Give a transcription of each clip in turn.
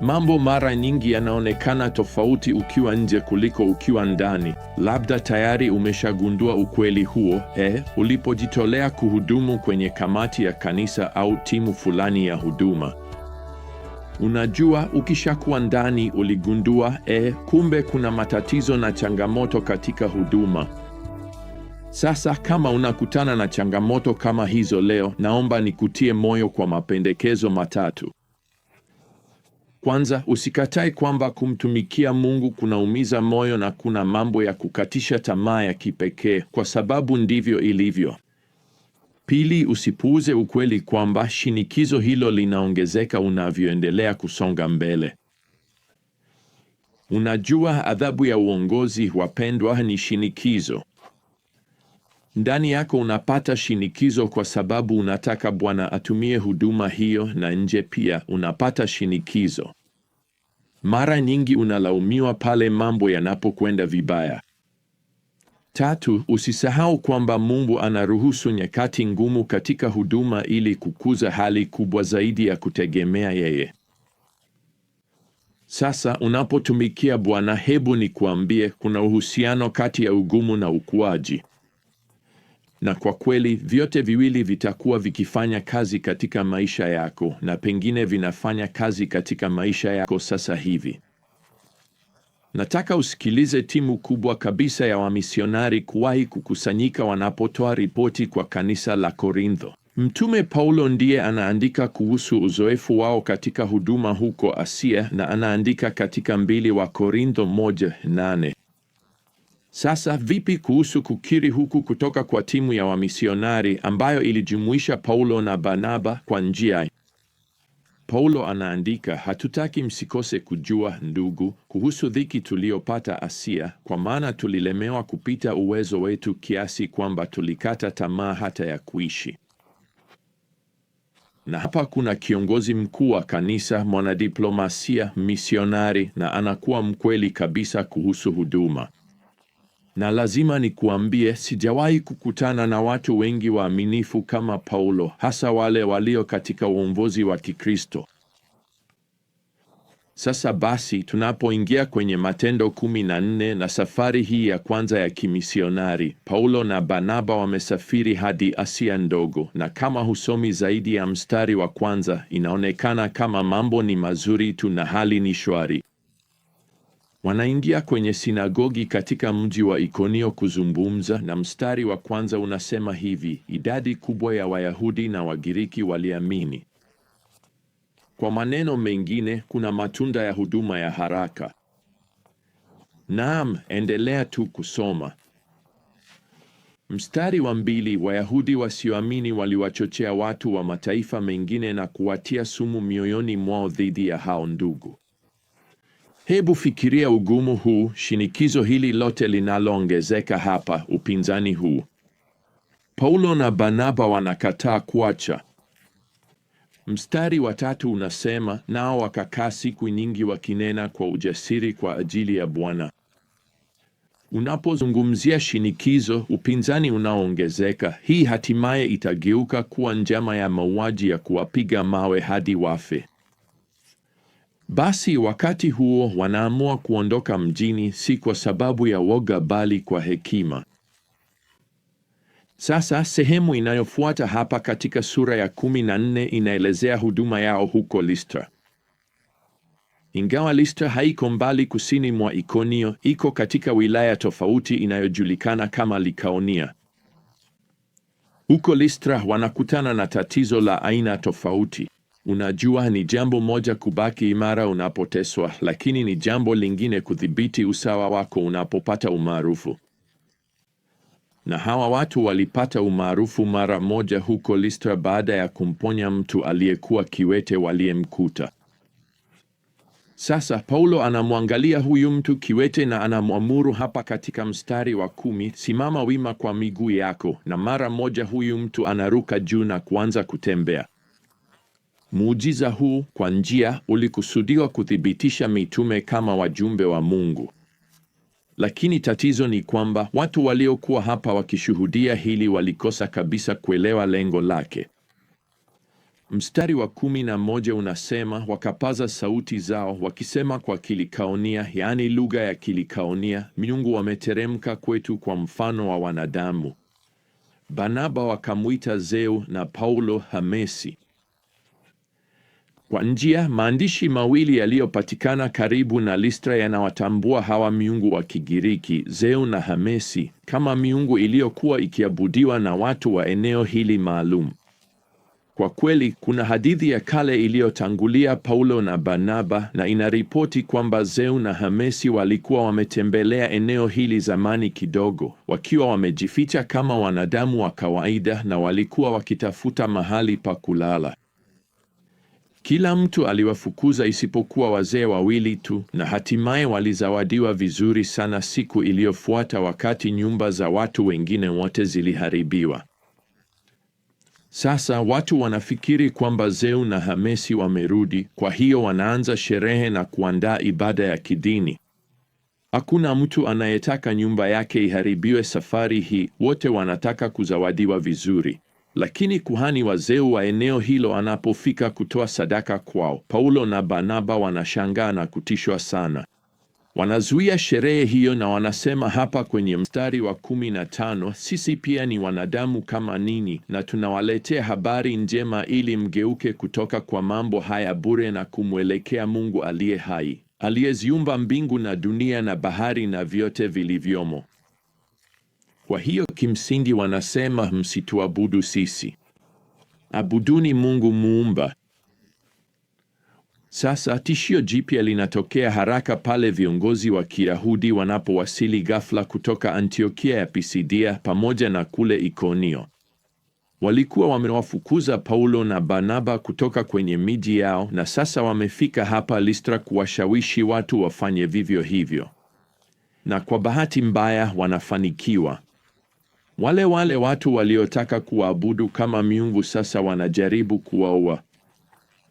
Mambo mara nyingi yanaonekana tofauti ukiwa nje kuliko ukiwa ndani. Labda tayari umeshagundua ukweli huo, eh, ulipojitolea kuhudumu kwenye kamati ya kanisa au timu fulani ya huduma. Unajua, ukishakuwa ndani uligundua, eh, kumbe kuna matatizo na changamoto katika huduma. Sasa kama unakutana na changamoto kama hizo leo, naomba nikutie moyo kwa mapendekezo matatu. Kwanza, usikatae kwamba kumtumikia Mungu kunaumiza moyo na kuna mambo ya kukatisha tamaa ya kipekee, kwa sababu ndivyo ilivyo. Pili, usipuuze ukweli kwamba shinikizo hilo linaongezeka unavyoendelea kusonga mbele. Unajua, adhabu ya uongozi, wapendwa, ni shinikizo ndani yako unapata shinikizo kwa sababu unataka Bwana atumie huduma hiyo, na nje pia unapata shinikizo. Mara nyingi unalaumiwa pale mambo yanapokwenda vibaya. Tatu, usisahau kwamba Mungu anaruhusu nyakati ngumu katika huduma ili kukuza hali kubwa zaidi ya kutegemea yeye. Sasa unapotumikia Bwana, hebu nikuambie, kuna uhusiano kati ya ugumu na ukuaji na kwa kweli vyote viwili vitakuwa vikifanya kazi katika maisha yako, na pengine vinafanya kazi katika maisha yako sasa hivi. Nataka usikilize timu kubwa kabisa ya wamisionari kuwahi kukusanyika wanapotoa ripoti kwa kanisa la Korintho. Mtume Paulo ndiye anaandika kuhusu uzoefu wao katika huduma huko Asia, na anaandika katika mbili wa Korintho 1:8. Sasa vipi kuhusu kukiri huku kutoka kwa timu ya wamisionari ambayo ilijumuisha Paulo na Barnaba kwa njia? Paulo anaandika, hatutaki msikose kujua ndugu, kuhusu dhiki tuliyopata Asia, kwa maana tulilemewa kupita uwezo wetu kiasi kwamba tulikata tamaa hata ya kuishi. Na hapa kuna kiongozi mkuu wa kanisa, mwanadiplomasia, misionari na anakuwa mkweli kabisa kuhusu huduma na lazima nikuambie, sijawahi kukutana na watu wengi waaminifu kama Paulo, hasa wale walio katika uongozi wa Kikristo. Sasa basi, tunapoingia kwenye Matendo kumi na nne na safari hii ya kwanza ya kimisionari, Paulo na Barnaba wamesafiri hadi Asia Ndogo, na kama husomi zaidi ya mstari wa kwanza, inaonekana kama mambo ni mazuri tu na hali ni shwari. Wanaingia kwenye sinagogi katika mji wa Ikonio kuzungumza, na mstari wa kwanza unasema hivi: idadi kubwa ya Wayahudi na Wagiriki waliamini. Kwa maneno mengine, kuna matunda ya huduma ya haraka. Naam, endelea tu kusoma. Mstari wa mbili, Wayahudi wasioamini waliwachochea watu wa mataifa mengine na kuwatia sumu mioyoni mwao dhidi ya hao ndugu. Hebu fikiria ugumu huu, shinikizo hili lote linaloongezeka hapa, upinzani huu. Paulo na Barnaba wanakataa kuacha. Mstari wa tatu unasema, nao wakakaa siku nyingi wakinena kwa ujasiri kwa ajili ya Bwana. Unapozungumzia shinikizo, upinzani unaoongezeka, hii hatimaye itageuka kuwa njama ya mauaji ya kuwapiga mawe hadi wafe. Basi wakati huo wanaamua kuondoka mjini, si kwa sababu ya woga, bali kwa hekima. Sasa sehemu inayofuata hapa katika sura ya kumi na nne inaelezea huduma yao huko Listra. Ingawa Listra haiko mbali kusini mwa Ikonio, iko katika wilaya tofauti inayojulikana kama Likaonia. Huko Listra wanakutana na tatizo la aina tofauti. Unajua, ni jambo moja kubaki imara unapoteswa, lakini ni jambo lingine kudhibiti usawa wako unapopata umaarufu. Na hawa watu walipata umaarufu mara moja huko Listra baada ya kumponya mtu aliyekuwa kiwete waliyemkuta. Sasa Paulo anamwangalia huyu mtu kiwete na anamwamuru hapa katika mstari wa kumi, simama wima kwa miguu yako, na mara moja huyu mtu anaruka juu na kuanza kutembea. Muujiza huu kwa njia ulikusudiwa kuthibitisha mitume kama wajumbe wa Mungu. Lakini tatizo ni kwamba watu waliokuwa hapa wakishuhudia hili walikosa kabisa kuelewa lengo lake. Mstari wa kumi na moja unasema wakapaza sauti zao wakisema kwa Kilikaonia, yaani lugha ya Kilikaonia, miungu wameteremka kwetu kwa mfano wa wanadamu. Barnaba wakamwita Zeu na Paulo Hamesi. Kwa njia, maandishi mawili yaliyopatikana karibu na Listra yanawatambua hawa miungu wa Kigiriki, Zeu na Hamesi, kama miungu iliyokuwa ikiabudiwa na watu wa eneo hili maalum. Kwa kweli, kuna hadithi ya kale iliyotangulia Paulo na Barnaba na inaripoti kwamba Zeu na Hamesi walikuwa wametembelea eneo hili zamani kidogo, wakiwa wamejificha kama wanadamu wa kawaida na walikuwa wakitafuta mahali pa kulala. Kila mtu aliwafukuza isipokuwa wazee wawili tu, na hatimaye walizawadiwa vizuri sana siku iliyofuata, wakati nyumba za watu wengine wote ziliharibiwa. Sasa watu wanafikiri kwamba Zeu na Hamesi wamerudi, kwa hiyo wanaanza sherehe na kuandaa ibada ya kidini. Hakuna mtu anayetaka nyumba yake iharibiwe safari hii, wote wanataka kuzawadiwa vizuri. Lakini kuhani wazee wa eneo hilo anapofika kutoa sadaka kwao, Paulo na Barnaba wanashangaa na kutishwa sana. Wanazuia sherehe hiyo na wanasema hapa kwenye mstari wa kumi na tano, sisi pia ni wanadamu kama ninyi, na tunawaletea habari njema ili mgeuke kutoka kwa mambo haya bure na kumwelekea Mungu aliye hai, aliyeziumba mbingu na dunia na bahari na vyote vilivyomo. Kwa hiyo kimsingi wanasema msituabudu sisi, abuduni Mungu Muumba. Sasa tishio jipya linatokea haraka pale viongozi wa Kiyahudi wanapowasili ghafla kutoka Antiokia ya Pisidia pamoja na kule Ikonio. Walikuwa wamewafukuza Paulo na Barnaba kutoka kwenye miji yao na sasa wamefika hapa Listra kuwashawishi watu wafanye vivyo hivyo. Na kwa bahati mbaya wanafanikiwa. Wale wale watu waliotaka kuabudu kama miungu sasa wanajaribu kuwaua.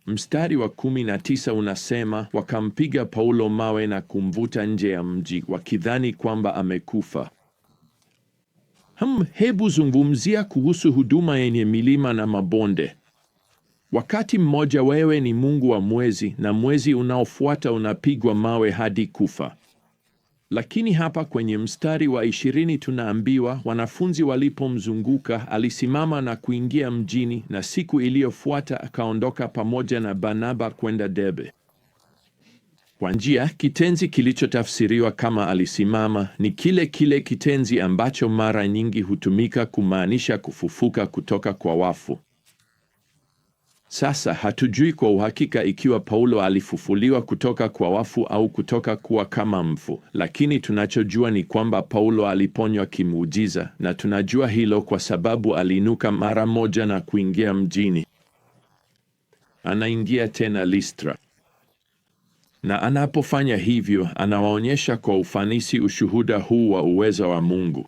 Mstari wa kumi na tisa unasema wakampiga Paulo mawe na kumvuta nje ya mji wakidhani kwamba amekufa. Hm, hebu zungumzia kuhusu huduma yenye milima na mabonde. Wakati mmoja wewe ni mungu wa mwezi na mwezi unaofuata unapigwa mawe hadi kufa. Lakini hapa kwenye mstari wa ishirini tunaambiwa wanafunzi walipomzunguka alisimama na kuingia mjini, na siku iliyofuata akaondoka pamoja na Barnaba kwenda Derbe. Kwa njia, kitenzi kilichotafsiriwa kama alisimama ni kile kile kitenzi ambacho mara nyingi hutumika kumaanisha kufufuka kutoka kwa wafu. Sasa hatujui kwa uhakika ikiwa Paulo alifufuliwa kutoka kwa wafu au kutoka kuwa kama mfu, lakini tunachojua ni kwamba Paulo aliponywa kimuujiza, na tunajua hilo kwa sababu aliinuka mara moja na kuingia mjini. Anaingia tena Listra, na anapofanya hivyo, anawaonyesha kwa ufanisi ushuhuda huu wa uwezo wa Mungu.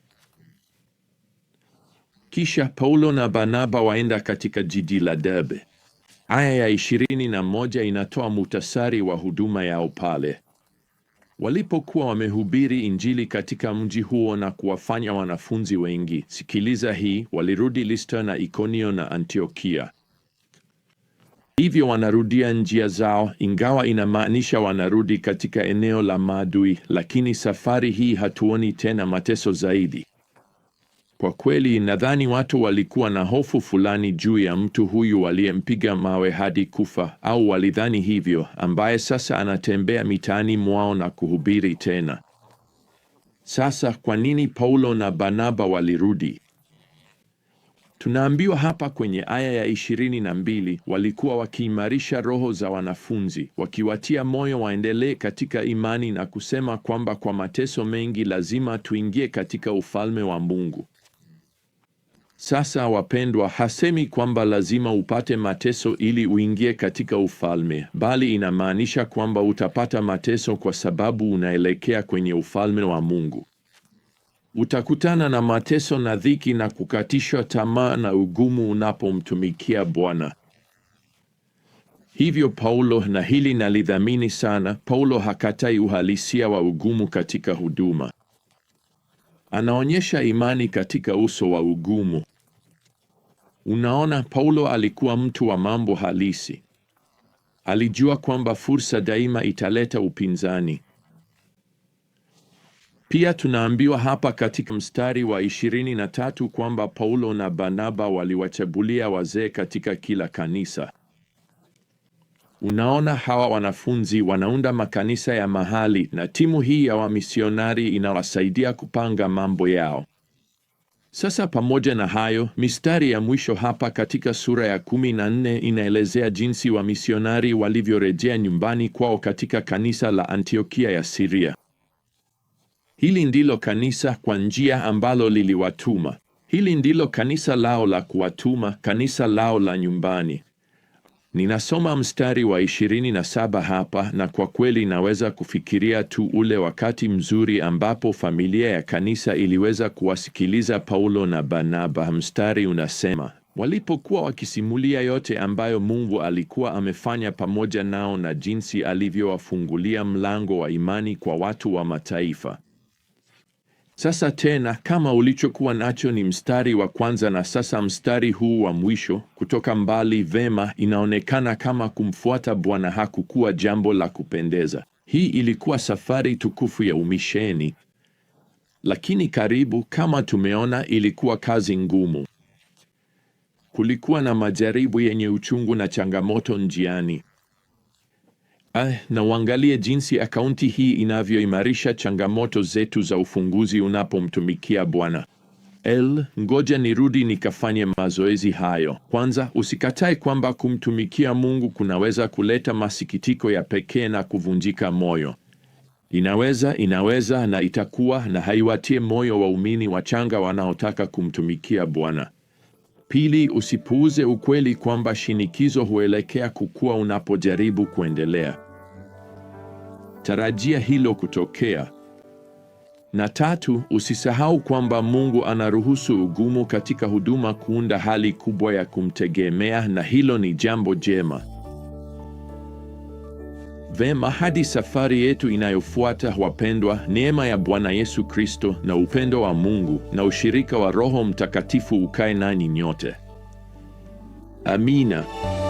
Kisha Paulo na Barnaba waenda katika jiji la Derbe. Aya ya ishirini na moja inatoa mutasari wa huduma yao pale walipokuwa wamehubiri Injili katika mji huo na kuwafanya wanafunzi wengi. Sikiliza hii, walirudi Listra na Ikonio na Antiokia. Hivyo wanarudia njia zao, ingawa inamaanisha wanarudi katika eneo la maadui, lakini safari hii hatuoni tena mateso zaidi. Kwa kweli nadhani watu walikuwa na hofu fulani juu ya mtu huyu waliyempiga mawe hadi kufa, au walidhani hivyo, ambaye sasa anatembea mitaani mwao na kuhubiri tena. Sasa kwa nini Paulo na Barnaba walirudi? Tunaambiwa hapa kwenye aya ya ishirini na mbili walikuwa wakiimarisha roho za wanafunzi, wakiwatia moyo waendelee katika imani na kusema kwamba kwa mateso mengi lazima tuingie katika ufalme wa Mungu. Sasa wapendwa, hasemi kwamba lazima upate mateso ili uingie katika ufalme, bali inamaanisha kwamba utapata mateso kwa sababu unaelekea kwenye ufalme wa Mungu. Utakutana na mateso na dhiki na kukatishwa tamaa na ugumu unapomtumikia Bwana. Hivyo Paulo, na hili nalidhamini sana, Paulo hakatai uhalisia wa ugumu katika huduma. Anaonyesha imani katika uso wa ugumu. Unaona, Paulo alikuwa mtu wa mambo halisi. Alijua kwamba fursa daima italeta upinzani. Pia tunaambiwa hapa katika mstari wa 23 kwamba Paulo na Barnaba waliwachagulia wazee katika kila kanisa. Unaona, hawa wanafunzi wanaunda makanisa ya mahali na timu hii ya wamisionari inawasaidia kupanga mambo yao. Sasa pamoja na hayo, mistari ya mwisho hapa katika sura ya kumi na nne inaelezea jinsi wamisionari walivyorejea nyumbani kwao katika kanisa la Antiokia ya Siria. Hili ndilo kanisa kwa njia ambalo liliwatuma. Hili ndilo kanisa lao la kuwatuma, kanisa lao la nyumbani. Ninasoma mstari wa ishirini na saba hapa, na kwa kweli naweza kufikiria tu ule wakati mzuri ambapo familia ya kanisa iliweza kuwasikiliza Paulo na Barnaba. Mstari unasema walipokuwa wakisimulia yote ambayo Mungu alikuwa amefanya pamoja nao na jinsi alivyowafungulia mlango wa imani kwa watu wa mataifa. Sasa tena kama ulichokuwa nacho ni mstari wa kwanza na sasa mstari huu wa mwisho kutoka mbali, vema, inaonekana kama kumfuata Bwana hakukuwa jambo la kupendeza. Hii ilikuwa safari tukufu ya umisheni, lakini karibu kama tumeona, ilikuwa kazi ngumu. Kulikuwa na majaribu yenye uchungu na changamoto njiani. Ah, na uangalie jinsi akaunti hii inavyoimarisha changamoto zetu za ufunguzi unapomtumikia Bwana. El, ngoja nirudi nikafanye mazoezi hayo kwanza. Usikatae kwamba kumtumikia Mungu kunaweza kuleta masikitiko ya pekee na kuvunjika moyo. Inaweza, inaweza na itakuwa, na haiwatie moyo waumini wachanga wanaotaka kumtumikia Bwana. Pili, usipuuze ukweli kwamba shinikizo huelekea kukua unapojaribu kuendelea. Tarajia hilo kutokea. Na tatu, usisahau kwamba Mungu anaruhusu ugumu katika huduma kuunda hali kubwa ya kumtegemea, na hilo ni jambo jema. Vema, hadi safari yetu inayofuata, wapendwa, neema ya Bwana Yesu Kristo na upendo wa Mungu na ushirika wa Roho Mtakatifu ukae nanyi nyote. Amina.